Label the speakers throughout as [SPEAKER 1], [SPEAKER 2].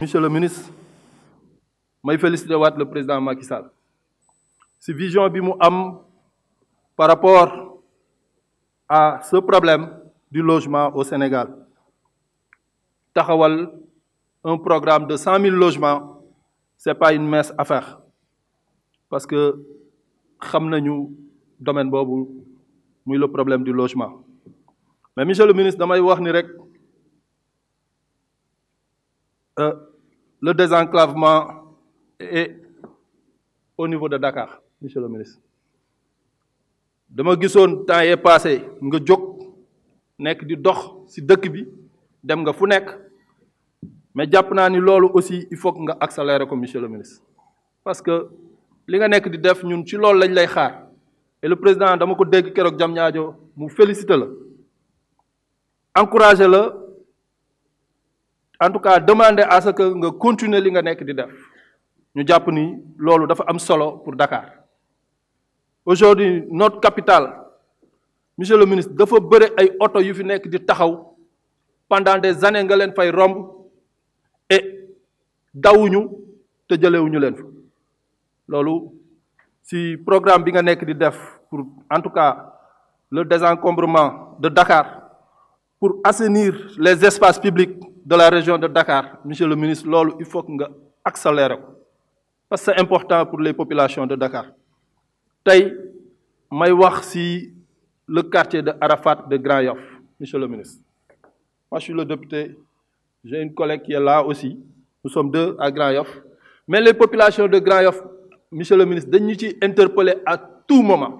[SPEAKER 1] monsieur le ministre je félicite le président Macky Sall si vision bi par rapport à ce problème du logement au Sénégal un programme de 100 000 logements n'est pas une mince affaire parce que nous le domaine le problème du logement mais monsieur le ministre je wax ni euh, le désenclavement est au niveau de Dakar monsieur le ministre dama gisoon temps est passé nga jóg nek di dox ci dëkk bi dem nga fu nekk mais jàpp naa ni loolu aussi il faut que nga accélérer ko monsieur le ministre parce que li nga nekk di def ñun ci loolu lañ lay xaar et le président dama ko dégg keroog jam ñaajo mu félicité la encouragé la en tout cas demander à ce que nous continuer à nga nek di def ñu japp ni lolu pour Dakar aujourd'hui notre capitale monsieur le ministre dafa bëre ay auto yu fi nek di taxaw pendant des années nga len fay romb et dawuñu te jëlewuñu leen lolu si programme bi nga nek di pour en tout cas le désencombrement de Dakar pour assainir les espaces publics de la région de Dakar monsieur le ministre il faut que nga accélérer parce que c'est important pour les populations de Dakar Aujourd'hui, may wax si le quartier de Arafat de Grand Yoff monsieur le ministre moi je suis le député j'ai une collègue qui est là aussi nous sommes deux à Grand Yoff mais les populations de Grand Yoff monsieur le ministre dañ ñu ci interpeller à tout moment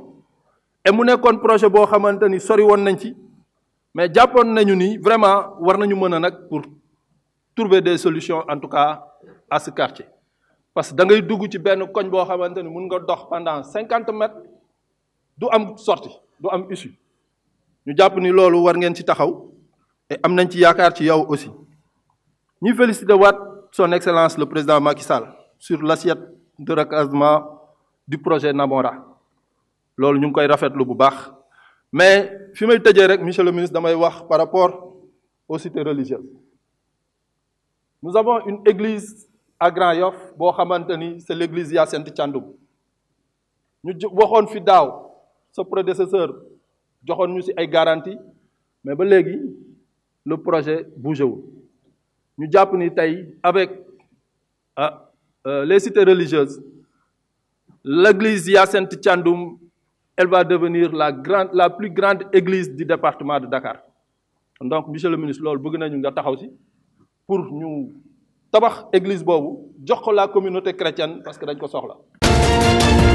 [SPEAKER 1] et mu nekkoon projet boo xamante ni sori nañ ci mais Japon nañu ni vraiment war nañu mën nak pour trouver des solutions en tout cas à ce quartier parce que da ngay dugg ci ben koñ bo xamanteni mën nga dox pendant 50 mètres du am sortie du am issue ñu japp ni lolu war ngeen ci taxaw et am nañ ci yaakar ci yow aussi ñi félicitons waat son excellence le président Macky Sall sur l'assiette de recasement du projet Namora lolu ñu ngi koy rafetlu bu baax mais je may tëjee rek monsieur le ministre damay par rapport aux cités religieuses nous avons une église à Grand Yoff c'est l'église Hyacinthe Tchandoum. ñu Nous fi daaw son prédécesseur nous ñu ci ay garanties. mais ba le projet bougé Nous avons fait avec ah, euh, les cités religieuses l'église yassin Tchandoum elle va devenir la, plus grande église du département de Dakar. Donc, monsieur le ministre, nous avons aussi pour nous tabax église vous jox ko la communauté chrétienne parce que dañ ko soxla